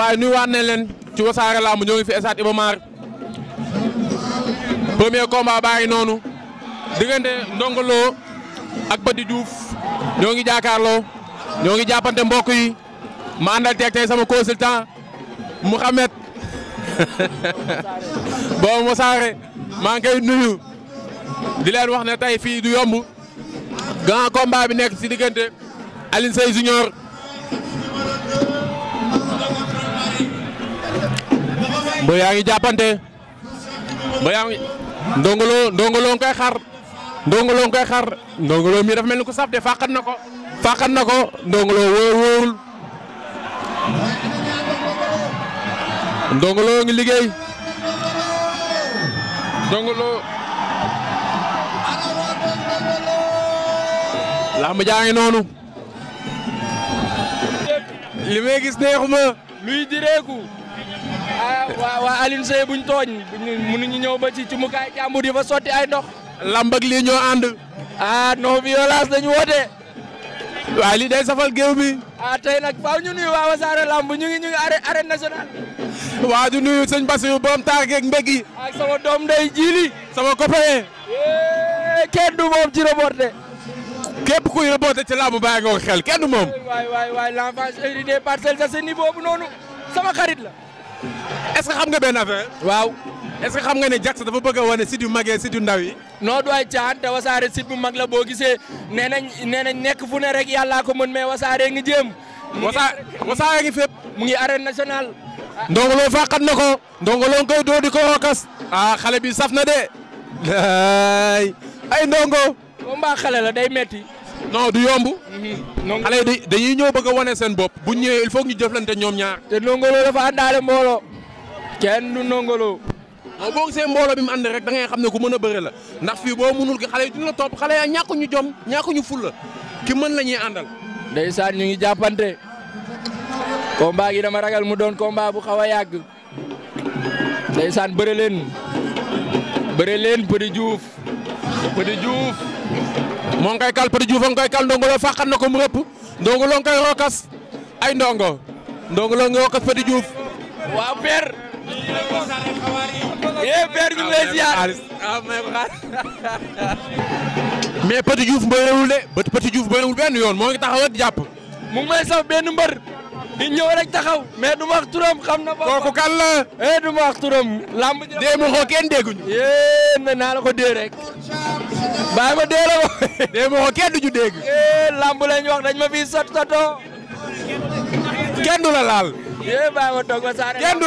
waaye nuyuwaat nañ leen ci wasaare làmb ñoo ngi fi stade Iba Mar premier combat noonu diggante Ndongo Lo ak Petit ñoo ngi jàkkaarloo ñoo ngi jàppante mbokk yi ma àndal teg tey sama consultant Mouhamed boobu Wassare maa ngi koy nuyu di leen wax ne tey fii du yomb grand combat bi nekk ci diggante Alioune Junior mbër yaa ngi jàppante mbër ngi koy xar Ndongo koy xar Ndongo Lo mi dafa mel ni ku saf de fàqat na ko fàqat na ko Ndongo Lo wóor wóorul Ndongo Lo ngi liggéey Ndongo Lo làmb noonu li may gis neexuma luy direeku Ah, waaw waaw Alioune Seye buñ tooñ mënuñu ñëw ba ci ci mukaay jàmbur yi fa sotti ay ndox. lamb ak lii ñoo ànd. ah non violence lañu woote. waaye lii day safal géew bi. ah tey nag faaw ñu nuyu waa Wassare Lamb ñu ngi ñu ngi arène nationale. waa di nuyu sëñ Bassirou borom taag ak mbég yi. ak sama doom day jiili. sama copain. Eh, kenn du moom ci reporté. képp kuy reporté ci lamb bàyyi nga ko xel kenn du moom. waay waay waay l'enfant chéri des Parcelles Assainies boobu noonu sama xarit la. est-ce que xam nga benn waaw est-ce xam nga ne Jax dafa bëgg a wane site yu mag yi site yu ndaw yi. non du ay caaxaan wasaare site bu mag la boo gisee nee nañ nee nañ nekk fu ne rek yàllaa ko mën mais wasaare ngi jéem. wasaare wasaare ngi fépp. mu ngi arène nationale. ndongo loo fàqat na ko. ndongo loo koy doo di ko xookas. ah xale bi saf na de. ay ay ndongo. mbaa xale la day metti non du yomb. Mhm. non xale yi dañuy ñëw bëgg a wane seen bopp bu ñëwee il faut ñu jëflante ñoom ñaar. te nongolo dafa àndaale mbooloo. kenn du nongolo. non boo gisee mbooloo bi mu ànd rek da ngay xam ne ku mën a bëre la ndax fii boo mënul ki xale yi duñ la topp xale yaa ñàkk ñu jom ñàkk ñu fulla ki mën la ñuy àndal. ndeysaan ñu ngi jàppante. combat gi dama ragal mu doon combat bu xaw a yàgg. ndeysaan bëre leen. bëre leen Petit Diouf. moo ngi koy kal Petit Diouf a ngi koy na ko mu rëpp Ndongo Lo ngi koy rokas ay ndongo Ndongo Lo rokas Petit Diouf. waaw père. eh ñu ngi lay ziar. Ah, mais Petit Diouf mbërewul de Petit Diouf mbërewul yoon moo ngi taxaw rek jàpp. mu may saf benn mbër. di ñëw rek taxaw mais du ma turam xam na. kooku kan la eh du ma wax turam. lamb ji démb ko kenn dégguñu. yee na naa la ko dee rek. bàyyi ma dee la ko. démb ko kenn lamb lañ wax dañ ma fi sot soto kenn du la laal. yee bàyyi ma toog wasaare. kenn du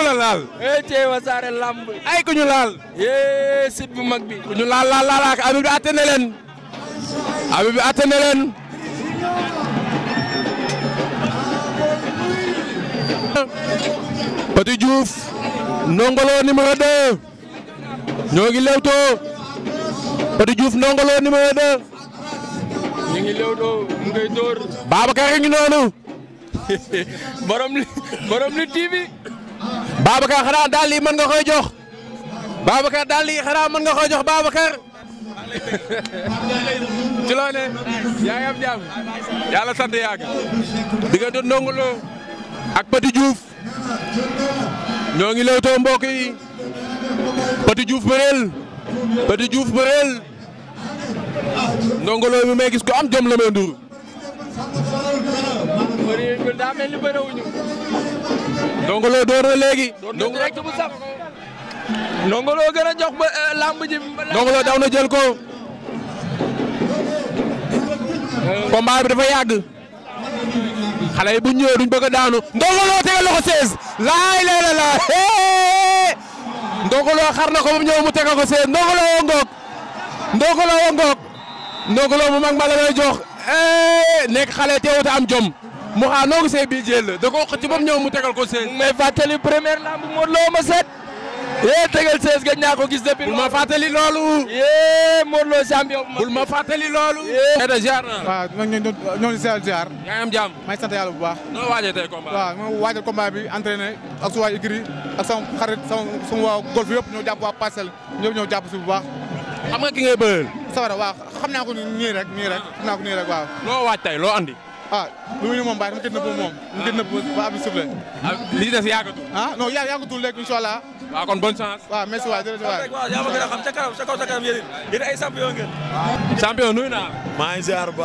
cee eh, wasaare lamb. ay ku ñu laal. yee sit bu mag bi. ku ñu laal abi bi atte na abi bi atte Petit Diouf Ndongo Lo numéro 2 ñoo ngi lewtoo Petit Diouf Ndongo Lo numéro mu ngay dóor. Babacar a ngi noonu. borom li borom li TV. Babacar daal lii mën nga koy jox. Babacar daal lii xanaa mën nga koy jox Babacar. ci loo ne yaa ngi am jàmm yàlla sant yàgg diggante ak Petit Diouf ñoo ngi lewtoo mbokk yi Petit Diouf bëreel Petit Diouf bëreel Ndongo Lo gis ko am jom la may ndur. Ndongo Lo door na léegi. Ndongo Lo gën a jox ba euh, làmb ji. Ndongo daw na jël ko. combat bi dafa yàgg. xale yi bu ñëwee duñ bëgg daanu Ndongo Lo tegal loxo 16 laay lay la laa Ndongo Lo xar na ko ba mu ñëw mu tegal ko 16 Ndongo Lo woo mu mag ma la lay jox nekk xale teewut am jom mu xaar noo gisee bii jël da ko xëcc ba mu ñëw mu tegal ko 16. mais fàttali première lamb Modou Lo ma set. yee tegal sees gëj naa gis depuis. fàttali loolu. yee Modou Lo champion. bul ma fàttali loolu. yee da ziar naa. waaw ñooñu ñooñu ziar. yaa ngi am jàmm. maa ngi bu baax. noo waajal tey combat. waaw ma waajal combat bi entraîné ak su waa Ikri ak sama xarit sama sama waa golf yëpp ñoo jàpp waa parcelle ñëpp ñoo jàpp si bu baax. xam nga ki ngay bëreel. Sawara waaw xam naa ko nii rek nii rek xam naa ko nii rek waaw. loo waaj tey loo andi. Ah, lu muy moom bàyyi dama gën a nëbb moom. waaw gën a des yàggatul. ah non yàgg yàggatul léegi incha allah. kon bonne chance. waaw merci waay jërëjëf waay. waaw yaa ma gën a xam ca kanam maa ngi ziar bu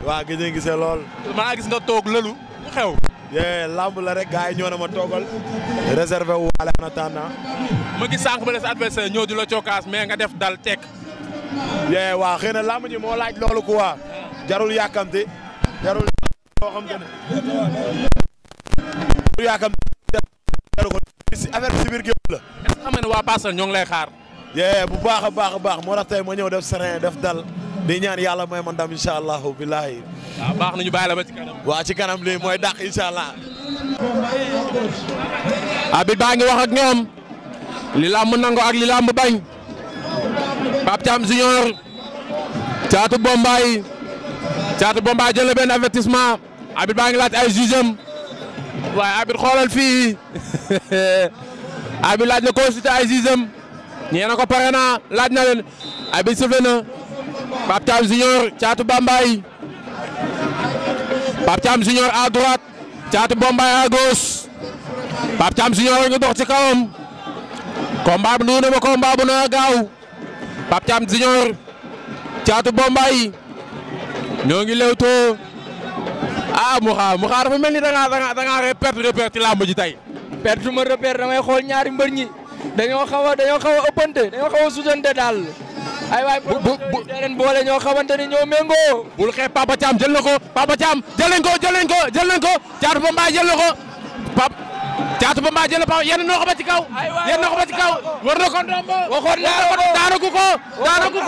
baax. ci gis lool. maa gis nga toog lëlu xew. yee la rek gars yi ñoo ma toogal. réservé wu waale en attendant. ma gis sànq ba des adversaire ñëw di la cokkaas mais nga def dal tek. yee waa xëy na lamb ji moo laaj loolu quoi jarul yàkkamte jarul boo xam te ne jarul yàkkamte jaru ko si affaire bi si biir la est-ce waa Parcelles ñoo ngi lay xaar yee bu baax a baax a baax moo tax tey ma ñëw def serein def dal di ñaan yàlla may ma ndam incha allahu billahi waaw baax ñu bàyyi la ba ci kanam waa ci kanam lii mooy dàq incha allah abit baa ngi li làmb nango ak li làmb bañ Pape Thiam Junior Thiatou Bombaay Caatu Bomba jël benn avertissement Habib baa ngi laaj ay jugeem waaye Habib xoolal fii Habib laaj na consulté ay jugeem ñee na ko pare naa laaj na leen Habib sifflé na Pape Thiam Caatu Bambay Pape Thiam Junior à droite Caatu Bombay à gauche Pape Thiam Junior ngi dox ci kawam combat bu nuyu na ma combat bu nooy gaaw Pape Thiam Junior Caatu Bombay ñoo ngi lewtoo ah Mouha Mouha dafa mel ni da ngaa da ngaa da ngaa perte repère ci làmb ji tey. perte ma repère xool ñaari mbër ñi dañoo a xaw a ëppante dañoo a sutante daal. ay waay bu bu bu ren boole ñoo xamante ni ñoo méngoo. bul xeeb Papa Thiam jël na ko Papa Thiam jël nañ koo jël nañ ko jël nañ ko Thiatou Bombaay jël na ko Papa. Caatu Bamba jël pa yenn noo ba ci kaw yenn noo ko ba ci kaw war na ko ndombo waxoon naa ko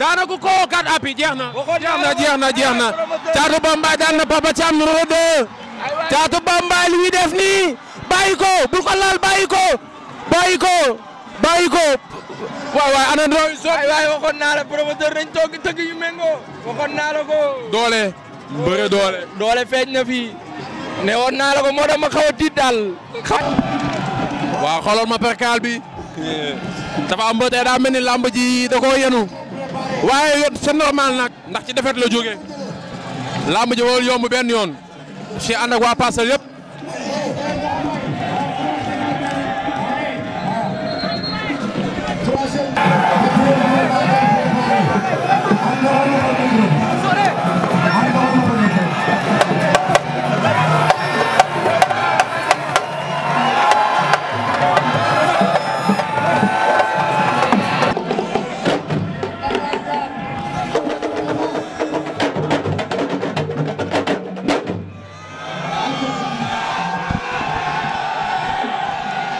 daanaku ko kat api jeex na jeex na jeex na jeex na Caatu Bamba daan Papa Thiam numéro 2 Caatu Bamba li muy def nii bàyyi ko bu ko laal bàyyi ko bàyyi ko bàyyi ko waay waay ana ndooy so waay waxoon naa la promoteur toog yu méngoo ko doole mbëre doole doole feeñ na fi ne woon naa ko moo tax ma xaw a tiit daal. waaw xoolal ma perkaal bi dafa am ba daa mel ni làmb ji da koo yenu waaye yoon c'est nag ndax ci defet la jógee làmb ji warul yomb benn yoon ci ànd waa Parcelles yëpp.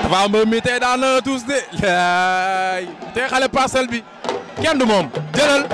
Tapha Mbeur mi tey daan na la tous de tey xale parcelle bi kenn du moom jëlal.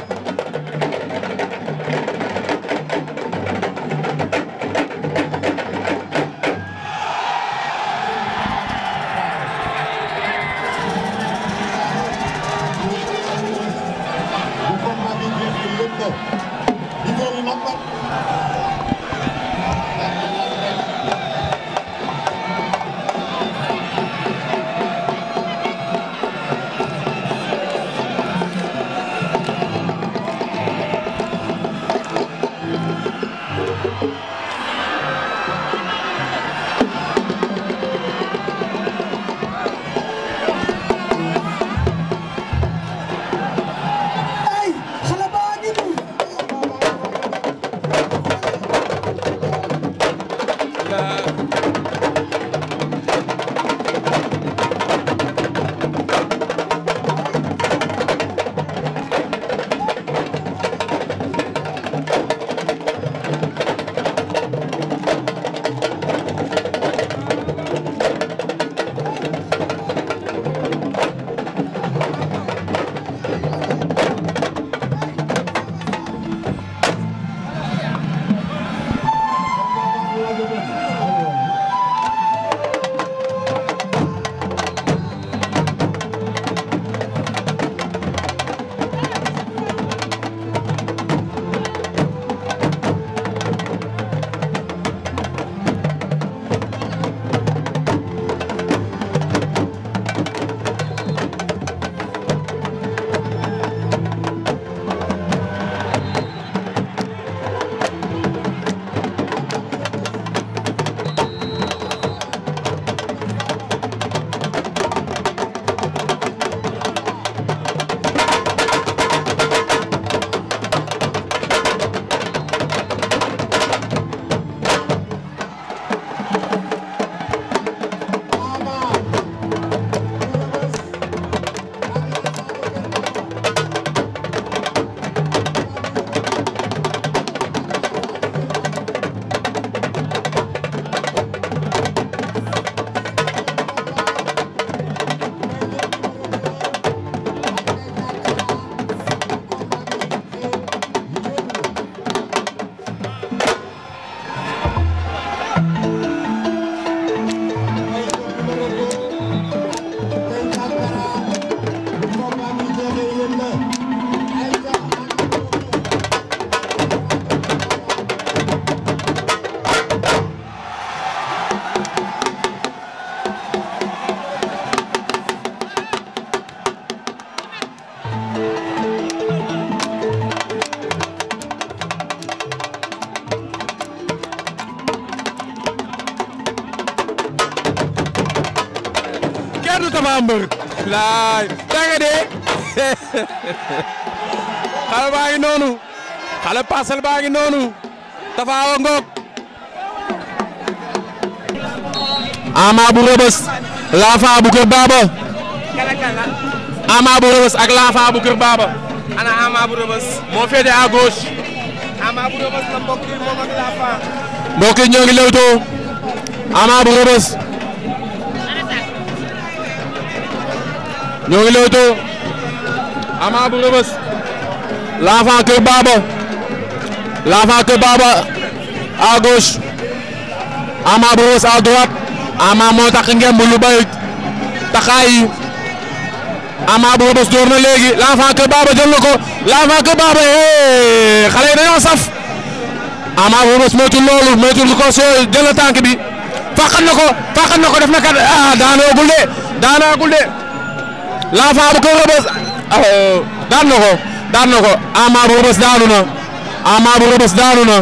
ngay dee xale baa noonu xale parcelle baa noonu tafaawa ngoog ama bu rëbës laafa bu kër baaba ama bu rëbës ak laafa bu kër baaba ana ama bu rëbës moo féete à gauche ama bu rëbës la mbokk ñoo ngi lewtoo ama bu rëbës ñoo ngi lewtoo Ama bu Rebeuss l'enfant Kër Baba l'enfant Kër Baba à gauche Ama bu Rebeuss à droite moo tax ngemb lu bay taxaay Ama bu Rebeuss door na léegi l'enfant Kër Baba jël na ko l'enfant Kër Baba eh xale yi dañoo saf Ama bu Rebeuss moytul loolu moytul ko soo jël na tànk bi faqan ko faqan na ko def na kat ah daanoo gul de daanoo gul de l'enfant bu kër Rebeuss daan na ko daan na ko Ama bu Rebeuss daanu na Ama bu Rebeuss daanu na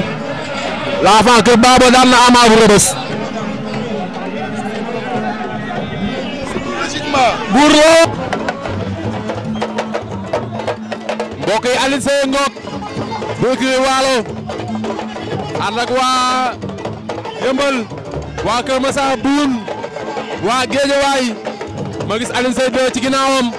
daan na Ama bu Rebeuss. buur loo. mbokk yi Seye Ngok. bu kii Waalo. ànd ak waa Yëmbal. waa Kër Massa Buun. waa Géejawaay. ma gis Alioune Seye 2 ci ginnaawam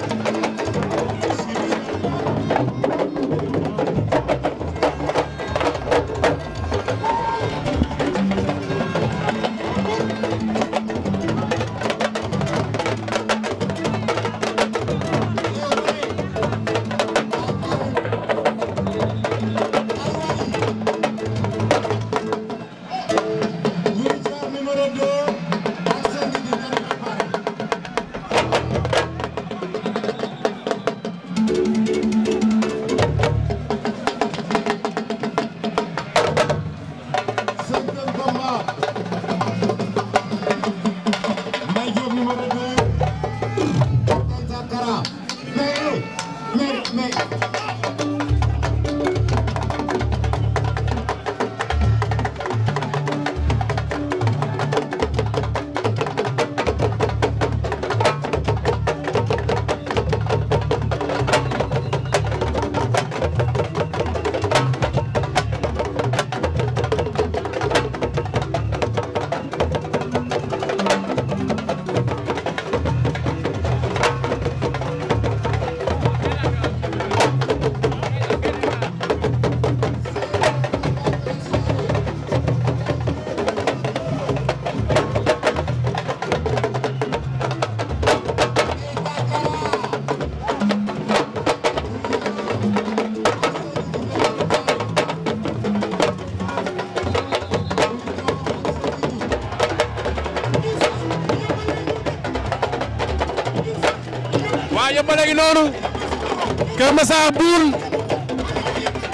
Massa Mbour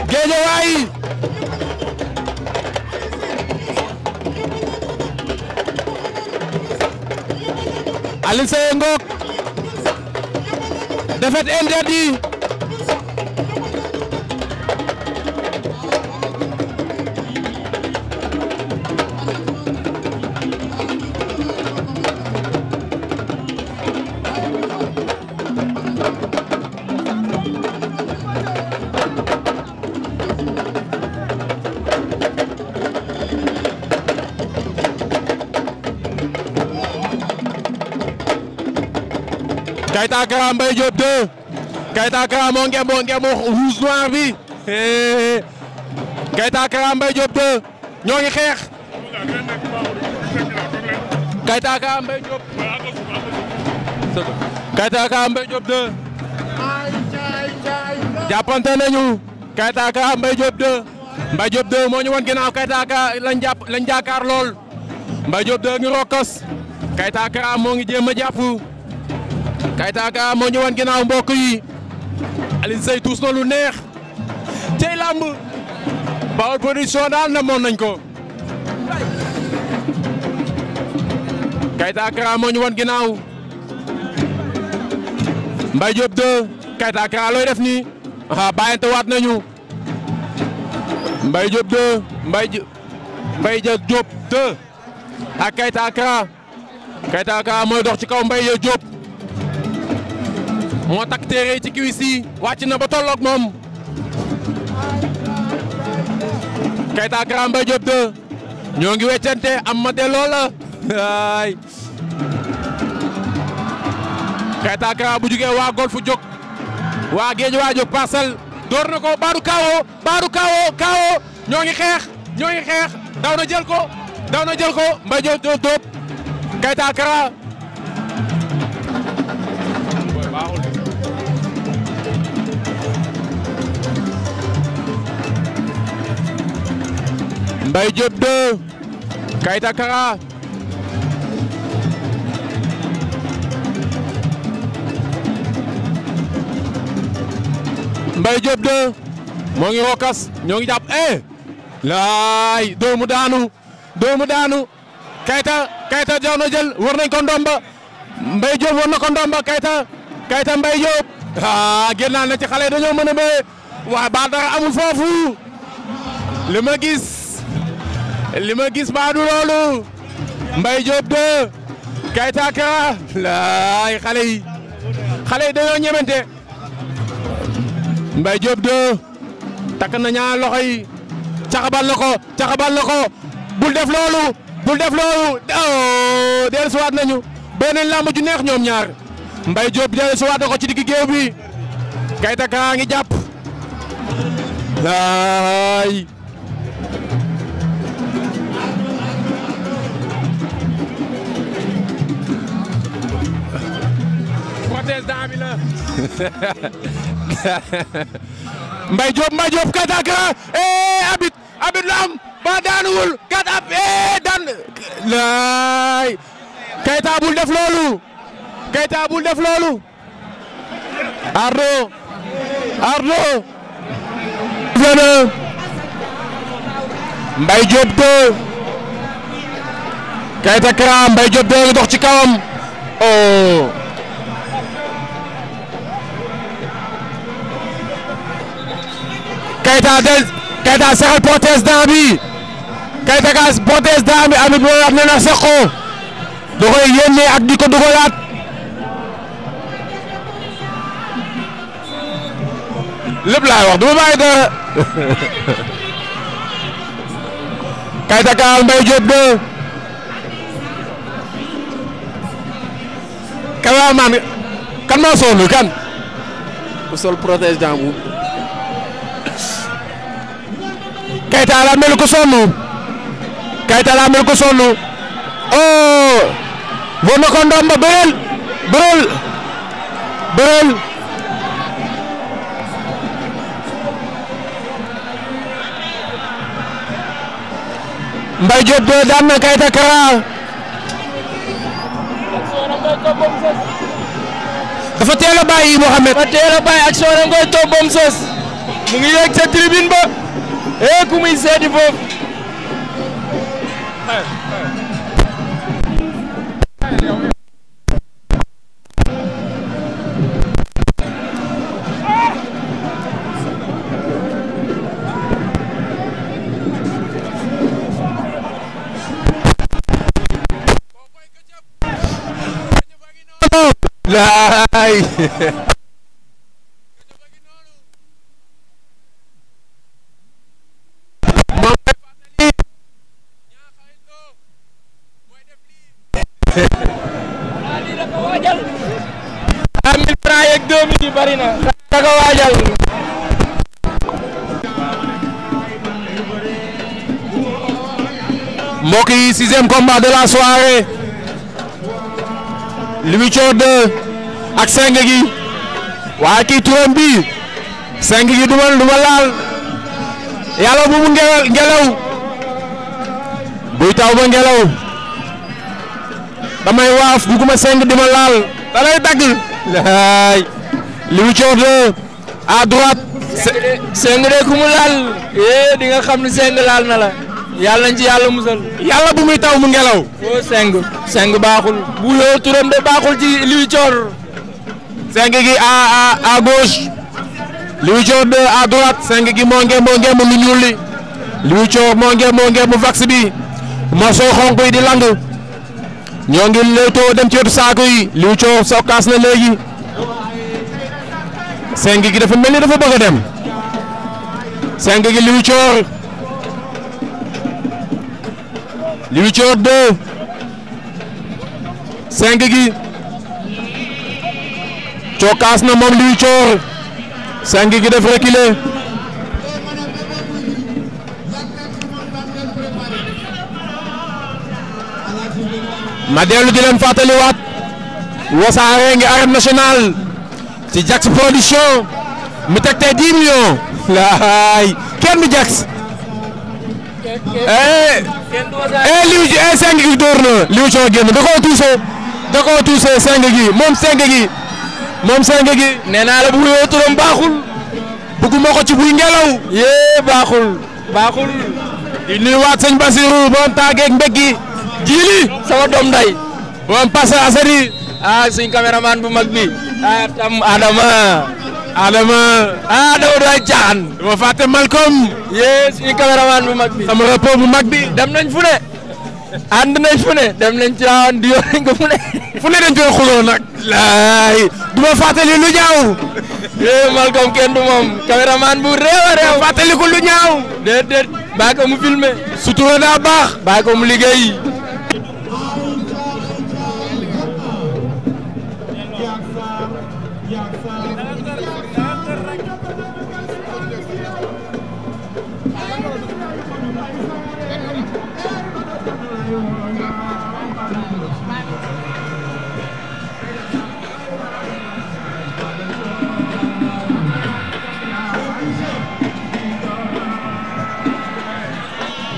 Géejawaay Alioune Seye Ngok Kayta Kara Mbaye Diop 2 Kayta Kara moo ngembo ngembo rouge noir bi Kayta Kara Mbaye Diop 2 ñoo ngi xeex Kayta Kara Mbaye Diop Kayta Kara Mbaye Diop 2 jàppante nañu Kayta Kara Mbaye Diop 2 Mbaye Diop 2 moo ñu woon ginnaaw Kayta Kara lañ jàpp lañ jàkkaar lool Mbaye Diop 2 ngi rokkos Kayta Kara moo ngi jéem a Kayta Ka moo ñëwoon ginnaaw mbokk yi Alioune Seye tuus na lu neex tey làmb Baol Production daal na nañ ko Kayta Ka moo ñëwoon ginnaaw Mbaye Diop 2 Kayta Ka looy def nii ah bàyyante waat nañu Mbaye Diop 2 Mbaye Mbaye Diop 2 ak Kayta Ka Kayta Ka mooy dox ci kaw Mbaye Diop. moo takk téere ci kiwis yi wàcc na ba tolloog moom Keita Grand Mbaye Diop 2 ñoo ngi weccante am ma delloo la ay bu jugee waa golfu jóg waa géej waa jóg parcelle door na ko baaru kaawo baaru kaawo kaawo ñoo ngi xeex ñoo ngi xeex daw na jël ko daw na jël ko Mbaye Diop dóob Keita Grand Mbaye Diop 2 Kayta Kara Mbaye Diop 2 moo ngi rokas ñoo ngi jàpp eh laay doomu daanu doomu daanu Kayta Kayta jaw na jël war nañ ko ndomba Mbaye war na ko ndomba Kayta Kayta Mbaye Diop ah génnaan na ci xale dañoo mën a béyee waaye ba dara amul foofu li ma gis. li ma gis baa du loolu Mbaye Diop de Kayta Kara laay xale yi xale yi dañoo ñemente Mbaye Diop de takk na ñaar loxo yi caxabal na ko caxabal na ko bul def loolu bul def loolu oh dellusiwaat nañu beneen làmb ju neex ñoom ñaar Mbaye Diop dellusiwaat na ko ci digg géew bi Kayta Kara ngi jàpp laay. président bi la. laay Keita def loolu Keita def loolu Ardo Ardo fena Mbaye Diop do Keita Kara Mbaye Diop do Keita de Keita seqal protestant bi Keita ka protestant bi amit ne na seq ko koy yénnee ak di ko dugalaat lépp laay wax du ma bàyyi dara Keita ka Mbaye Diop de kawamaan kan maa soxla kan. ku sol protestant bu. Keita daa mel ko sonn Keita daa mel ko sonn oh war na ko ndomba bëreel bëreel bëreel Mbaye Diop de daan na Keita dafa teel a bàyyi Mouhamed dafa teel a bàyyi action da nga koy mu ngi yegg sa ba. e ku muy seeti foofu Nice. combat de la soirée Louis Thior ak seng gi waaye kii turam bi seng gi du ma du ma laal yàlla bu ngelaw ngelaw buy taw ba ngelaw damay waaf bugguma seng di laal da dagg laay Louis Thior à droite seng de ku mu laal eh di nga xam ne seng laal na la yàlla nañ ci bu muy taw mu ngelaw. foo seng seng baaxul. bu yoo turam de baaxul ci liy coor. seng gi à à à gauche. liy de à droite. seng gi moo ngeem moo ngeem lu ñuul li. liy bi. morceau xonk yi di lang. ñoo ngi dem ci wetu saako yi. liy coor sokkaas na léegi. seng gi dafa mel dafa bëgg a dem. seng gi liy Louis Thior 2 cinq gi cokkaas na moom Louis Thior cinq gi def reculer ma dellu di leen fàttaliwaat wasaare ngi arène nationale ci Jax production mi teg tey 10 millions laay kenn du Jax eh et eh, liw ji et eh, cinq gi dóor na liw coo génn da koo tuuse da koo gi moom cinq gi moom cinq gi nee naa la bu wuyoo turam baaxul bëgguma ko ci buy ngelaw yee baaxul baaxul di nuyuwaat sëñ Basirou moom taageeg mbég gi jiili sama doom nday moom passé asari ah suñ caméraman bu mag bi ah tam Adama Adama ah Adama du ay caaxaan. dama fàtte Malcolm. yee suñu caméraman bu mag bi. ma rapport bu mag bi. dem nañ fu ne. ànd nañ fu ne. dem nañ ci ànd yoon nañ ko fu ne. fu ne du ma fàttali lu ñaaw. Eh, du moom caméraman bu réew a réew. fàttali ko lu ñaaw. déedéet baa ko mu filmé. sutura daa baax. baa ko mu liggéey.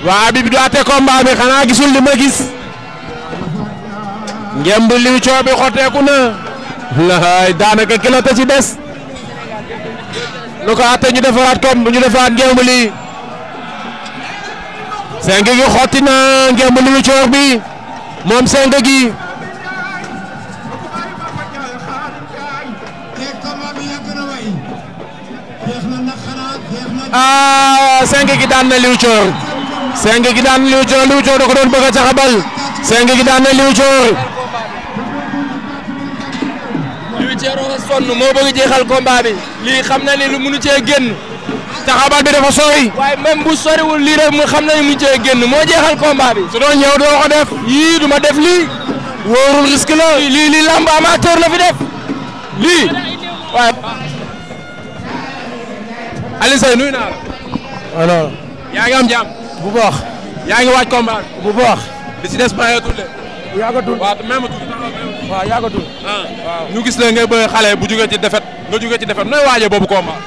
waa Habib du àtte combat bi xanaa gisul li ma gis ngemb liw coobi xoteeku na daanaka kilo ci des nu ko àtte ñu defaraat comme ñu defaraat ngemb li seng gi xotti na ngemb liw coor bi moom seng gi ah seng gi daan na liw coor seng gi daan Liu Thior Liu Thior da ko doon bëgg a caxabal seng gi daan na Liu Thior. Liu Thior dafa moo bëgg jeexal combat bi lii xam na ni lu munu cee génn. caxabal bi dafa sori. waaye même bu soriwul lii rek mu xam na ni munu cee génn moo jeexal combat bi. su doon ñëw doo def. yii du ma def lii. wóorul risque la. lii lii lamb amateur la fi def lii waaye. Alioune Seye nuyu naa ngi am jàmm. bu baax. yaa ngi waaj combat bu baax. li si des bàyyeetul de. yaagatul waaw te même waaw yaagatul. Ah. waaw ñu gis la ngay xale bu jugee ci defet nga jugee ci defet nooy waajee boobu combat.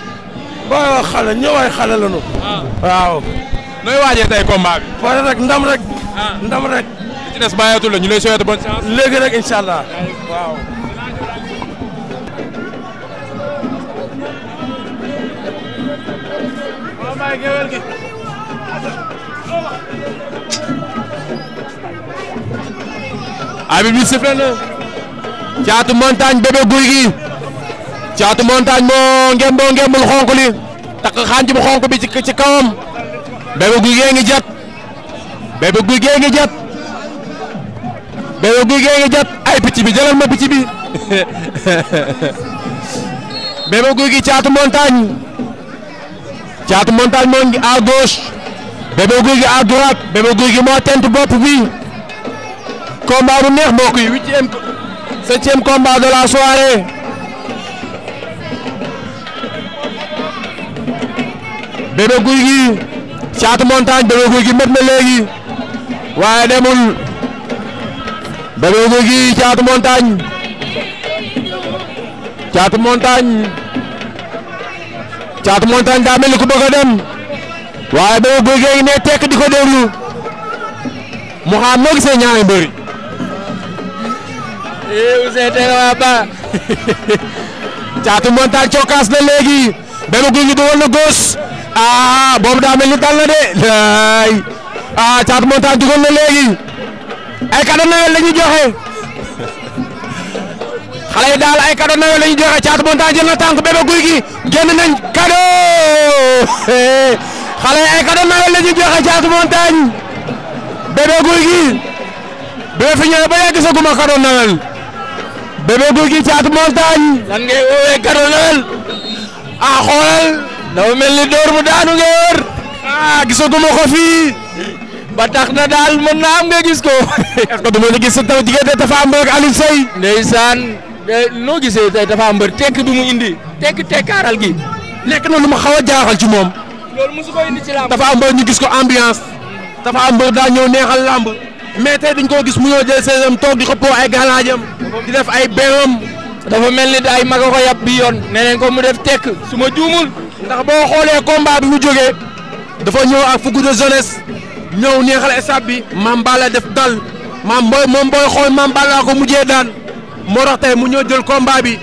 boo xale ñëwaay xale lañu. Ah. waaw. nooy waajee tey combat bi. pare rek ndam rek. Ah. ndam rek. li ci des bàyyeetul la ñu lay souhaiter bonne léegi rek incha waaw. abi bi sifflé na caatu montagne bébé guy gi caatu montagne moo ngem boo ngembul xonk li takk xànc bu xonk bi ci kawam bébé guy gee ngi jat bébé guy gee ngi jat bébé guy gee ngi jat ay picc bi jëlal ma picc bi bébé guy gi caatu montagne caatu montagne moo ngi à gauche Bébé Gouy Gui à droite Bébé Gouy Gui moo tent bopp bi combat bu neex mbokk yi huitième septième de la soirée Bébé Gouy Gui Thiatou Montagne Bébé Gouy Gui met na léegi waaye demul Bébé Gouy Gui Thiatou Montagne Thiatou Montagne Thiatou Montagne daa mel ni ku bëgg dem waaye Bébé Gouy Gui ne tekk di ko déglu mu xam noo gisee ñaari mbër yi. eh Ousseyn tey nga Caatu Montagne cokkaas na léegi Bébé Gouy Gui dugal na góos ah, boobu daa mel ni de laay ah Caatu Montagne dugal na léegi ay cadeau Noël la ñuy joxe daal ay cadeau Noël la ñuy joxe Caatu Montagne jël na tànk Bébé Gouy Gui génn nañ cadeau. xale ay cadenas la ñu joxe caatu montagne bébé guy gi bébé fi ñëwee ba yàgg gisaguma cadenas bébé guy gi caatu montagne lan ngay woowee cadenas ah xoolal dafa mel ni dóor mu daanu nga wër ah gisaguma ko fii ba tax na daal mën naam am gis ko. est-ce la gis taw diggante Tapha Mbeur ak Aliou Seye. ndeysaan eh, noo gisee tey Tapha Mbeur tekk bi mu indi. tekk tekkaaral gi. nekk na lu ma xaw a jaaxal ci moom. loolu mosu ko indi ci dafa am mbër ñu gis ko ambiance. dafa am daa ñëw neexal làmb. mais tey diñ koo gis mu ñëw jël seen toog di xëppoo ay galaajam. di def ay beewam. dafa mel ni ay mag ko yab bi yoon. nee ko mu def tekk su ma juumul. ndax boo xoolee combat bi mu jógee. dafa ñëw ak fukki de jeunesse. ñëw neexal stade bi. maam def dal. maam booy moom booy xool maam Balla mujjee daan. moo tax tey mu ñëw jël combat bi.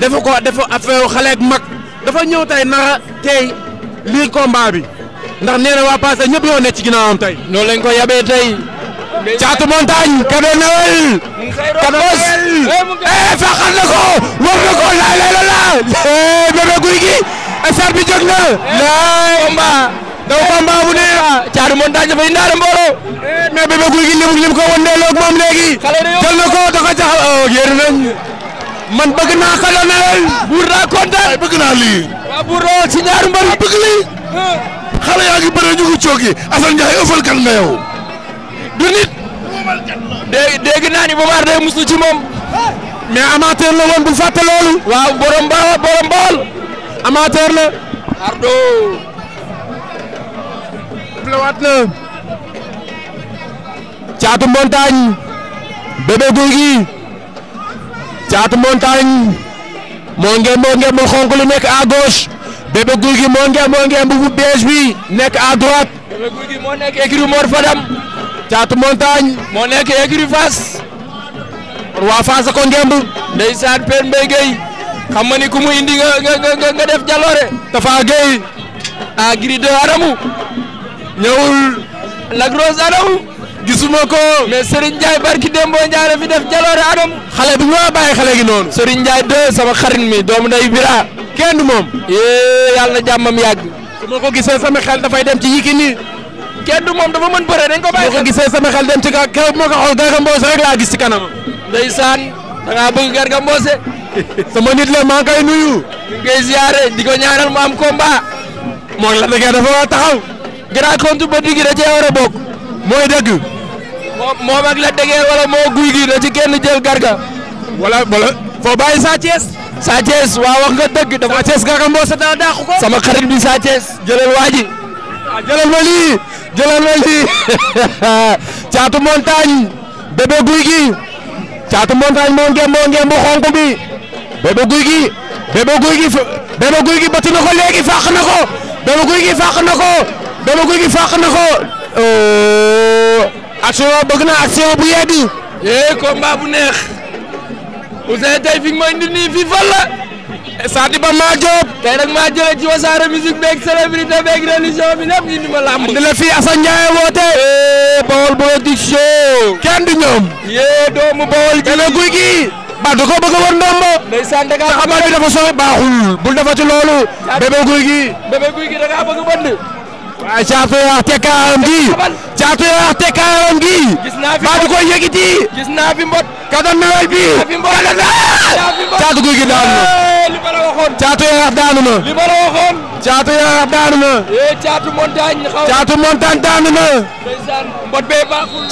dafa ko dafa affaire xale ak mag. dafa ñëw tey nara tey. lii combat bi ndax nee waa passé ñëpp ñoo nekk ci ginnaawam tey. ko yabee tey. caatu montagne. kado nawel. kabos. Eh, faxal na ko. war na ko laay lay la laay. Eh, bébé guy gi. sar bi na. laay combat. daw combat ne. caatu montagne dafay ndaare mbooloo. Eh, mais bébé guy gi lim lim ko wëndeeloo ak moom léegi. jël na ko da ko oh, nañ. man bëgg naa kado nawel. buur naa kontaan. bëgg naa lii. waa Bourneau ci ñaari mbër yu bëgg lii. xale yaa ngi bëree ñu ngi cooki Assane Ndiaye kan nga yow. du nit. dégg dégg naa ni Bomar musu ci moom. mais amateur la woon bu fàtte loolu. waaw borom ba borom la. Caatu Montagne. Bébé Guy Caatu Montagne. moo ngeem moo ngeem bu xonk li nekk à gauche Bébé Gouy Gui moo ngeem moo ngeem bu beige nekk à droite. Bébé Gouy Gui moo nekk écurie Mor Fadam. Caatu Montagne. moo nekk écurie waa Fass ko ngeem. ndeysaan Père Mbaye Gueye. xam nga ni ku mu indi nga nga nga nga def jaloore. Tafa Gueye. ah Gris 2 ñëwul. Lac Rose anamu. gisuma ko mais Serigne Ndiaye barki Dembo Ndiaye la fi def jaloore anam. xale bi ma bàyyi xale gi noonu. Serigne Ndiaye de sama xarit mi doomu nday bira kenn du moom. yee yàlla na jàmmam yàgg. su ma ko gisee sama xel dafay dem ci Yékini. kenn du moom dafa mën bëre dañ ko bàyyi. su ma ko gisee sama xel dem ci ka kaw bi ma ko xool Garga Mbossé rek laa gis ci kanam. ndeysaan sama nit la maa ngi koy nuyu. ñu ngi koy ziare di ko ñaanal mu la da dafa a taxaw. grand compte ba digg a bokk. mooy dëgg. moom ak la déggee wala moo guy gi da ci kenn jël garga. wala wala. foo bàyyi Sa Thiès. Sa wax nga dëgg. dafa Thiès garga mboosa dara dàqu ko. sama xarit bi Sa Thiès jëlal waa ji. waaw ah, jëlal ma lii jëlal ma lii caatu montagne bébé guy gi caatu montagne moo ngeen moo guy gi bébé guy gi bébé guy gi bati na ko léegi fàq na ko bébé guy gi fàq na ko bébé guy gi fàq na ko. Oh. action bëgg na action bu yegg. eh combat bu neex. Ouzin tey fi nga ma indi nii fii fan la. Sadio Ba maa Diop. nag maa jëlee ci wasaare musique beeg célébrité religion bi ñëpp indi ma làmb. indi la fii Assane Ndiaye woote. Bawol Production. kenn du ñoom. yee doomu Bawol ji la guy gi. ba da ko bëgg a war ndombo. ndeysaan da ngaa bëgg a bi dafa sooy baaxul. bul dafa ci loolu. bébé guy gi. bébé guy gi da bëgg a bënd. waaye caatu yaraax te kaaram gi caatu yaraax te kaaram gi maa koy yëgiti gis naa fi mbot caatu guy daanu na caatu yaraax daanu na caatu yaraax daanu na caatu montagne daanu na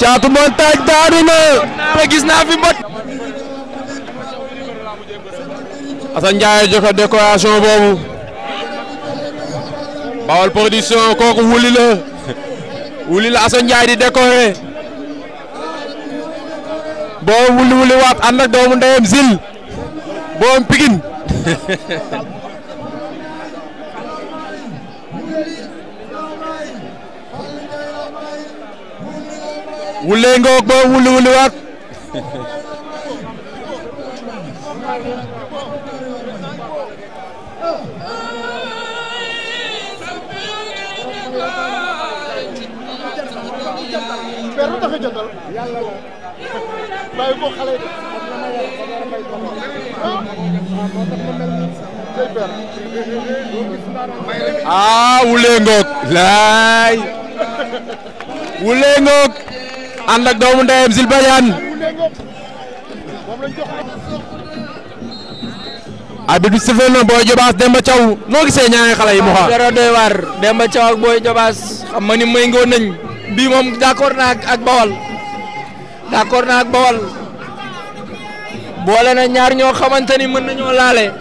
caatu montagne daanu na gis naa fi boobu Bawal production kooku wuli la wuli la Assane di décorer boo wuli waat ànd doomu ndeyam zil boom Pikine wulee ngoog boo wuli waat tax a jëndal. yàlla la. bàyyi ko xale yi de. ah wulee ngoog. laay. wulee ngoog. ànd ak doomu ndeyam Sylvain Diagne. abi bi sifee na Boy ak Boy Diobass xam ni may ngoon bii moom d'accord naa ak Bawal d'accord naa ak Bawal boole na ñaar ñoo xamante ni mën nañoo laale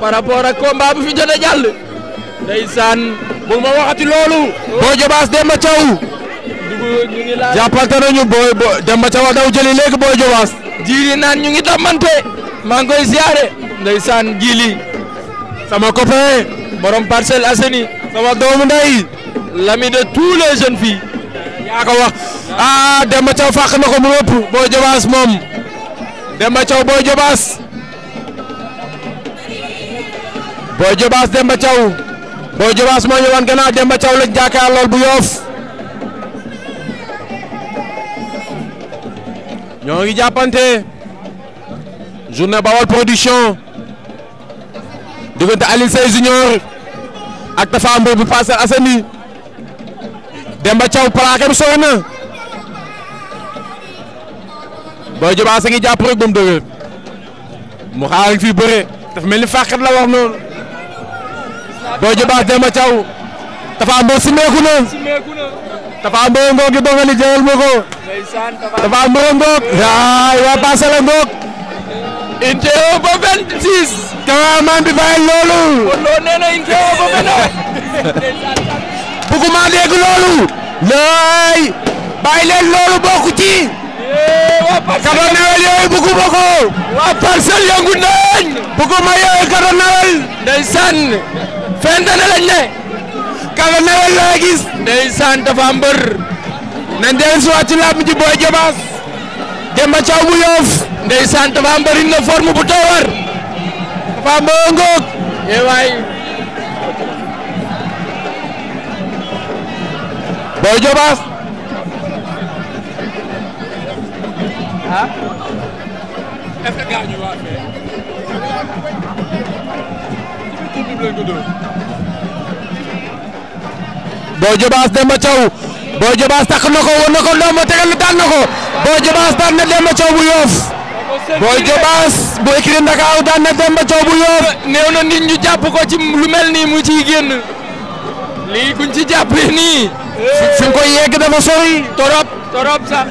par rapport ak combat bu fi jot a jàll. ndeysaan bu ma waxati loolu. Boy Demba Thiaw. dugub ñu ngi laal jàppante booy Demba Thiaw daw jëli léegi Boy Jobaas. jiili ñu ngi damante maa ngi koy ziare. ndeysaan jiili. sama copain. borom Parcelles Assainies. sama doomu ndey. l'ami de tous les jeunes filles. yaa ko wax ah Demba Thiaw ko mu ëpp Boy Diobass moom Demba Thiaw Boy Diobass Boy Diobass Demba Thiaw Boy Diobass moo ñëwoon gannaaw Demba Thiaw lañ lool bu yoof ñoo ngi jàppante journée Bawol production diggante Alioune Seye ak Tapha Mbeur bu Parcelles Assainies Demba Thiaw plaqué bi sooy na Boy Diobass a ngi jàpp mu dëgër mu xaar fi bëre la wax noonu Boy Diobass Demba Thiaw Tapha simeeku na Tapha Mbeur ngoog gi donga ni jëlal ma ngoog waay waa passé ngoog Intéo ba 26 Tapha man bi bàyyi loolu naa dégg loolu. laay bàyyi leen loolu bokk ci. Eh, kado nawel yooyu bëgguma waa parcelle yëngu nañ. bëgguma yooyu kado nawel. ndeysaan. fin d'année lañ ne. kado nawel laa na ndeel si waat ci làmb ji booy jabaas. Demba Thiaw bu na forme bu tawar. dafa mbër ngoog. Eh, Boy Diobass ah. est-ce que gaañu waa fee. Demba Thiaw Boy Diobass takk na ko war na ko ndombo tegal na daan Demba Thiaw bu Yoff. Boy Diobass bu écrir Ndakaaru Demba Thiaw bu Yoff. néew na nit ñu jàpp ko ci lu mel nii mu ciy génn. lii kuñ ci jàppee nii. fi nga koy yegg dafa sori. torop torop sax.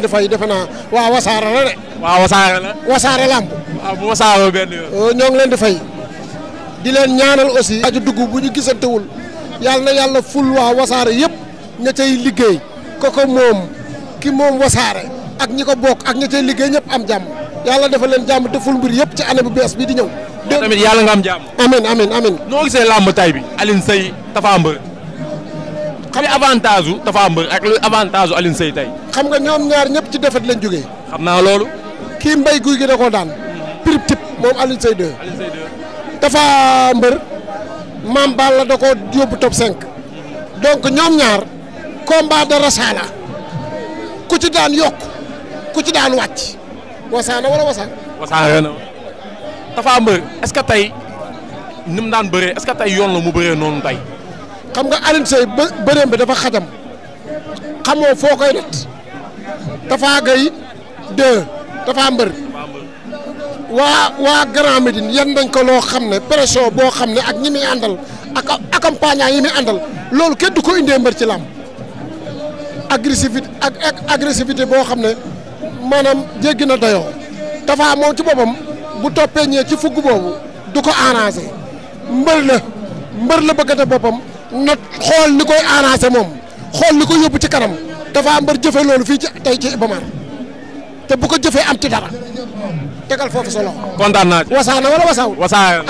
leen di fay defe naa waa wasaare la de. waa wasaare la. wasaare lamb. waaw bu benn yoon. Oh, ñoo ngi leen di fay di leen ñaanal aussi. aju dugg bu ñu gisantewul yàlla na yàlla ful waa wasaare yëpp ña cay liggéey koko moom ki moom wasaare ak ñi ko bokk ak ña cay liggéey ñëpp am jàmm yàlla dafa leen jàmm deful mbir yëpp ci année bu bees bi di ñëw. tamit yàlla nga am jàmm. amiin amiin amiin. noo gisee lamb tay bi. Alioune Seye Tapha Mbeur. xam nga avantage su Tapha Mbeur ak luy avantage su Alioune Seye tey. ñoom ñaar ñëpp ci defet lañ jógee. xam naa loolu. kii mbay guy gi da koo daan. prip tip moom Alioune Seye 2. Alioune Seye 2. Tapha Mbeur maam Balla da koo yóbbu top 5. donc ñoom ñaar. combat de rasaala. ku ci daan yokk ku ci daan wàcc. wasaana wala wasaan. wasaana na Tapha Mbeur est-ce que tey ni mu daan bëree est-ce que tey yoon la mu bëree noonu tey. xam nga Alioune Seye bë bëreem bi dafa xajam xamoo foo koy nat Tafa Gueye deux Tafa Mbër waa waa Grand Médine yan nañ ko loo xam ne pression boo xam ne ak ñi àndal ak accompagnant yi muy àndal loolu kenn du ko indee mbër ci làmb agressivité ak ak boo xam ne maanaam jéggi na dayoo Tafa moom ci boppam bu toppee ñee ci fugg boobu du ko arrangé mbër la mbër la bëggate boppam. nag xool ni koy arrangé moom xool ni koy yóbbu ci kanam dafa mbër jëfe loolu fii ci tey ci Iba te bu ko jëfee am ci dara tegal foofu sa loxo. kontaan naa ci wasaana wala wasaawul.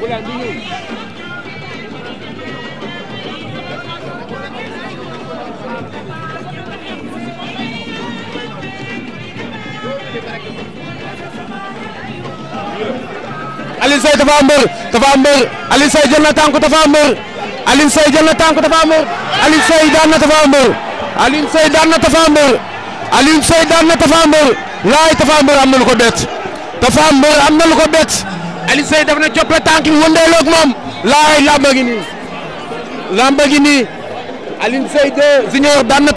Bulan bingung. Alioune Seye Tapha Mbeur Tapha Mbeur Alioune Seye jël na tànku Tapha Mbeur Alioune Seye jël na tànku Tapha Mbeur Alioune Seye daan na Tapha Mbeur Alioune Seye daan na Tapha Mbeur Alioune Seye daan na Tapha Mbeur laay Tapha Mbeur am na lu ko bett Tapha Mbeur am na lu ko bett Aliou Seye def na coppe tànk yi wëndeeloo ak moom laay lamba gi nii lamba gi nii Aliou Seye de Junior daan na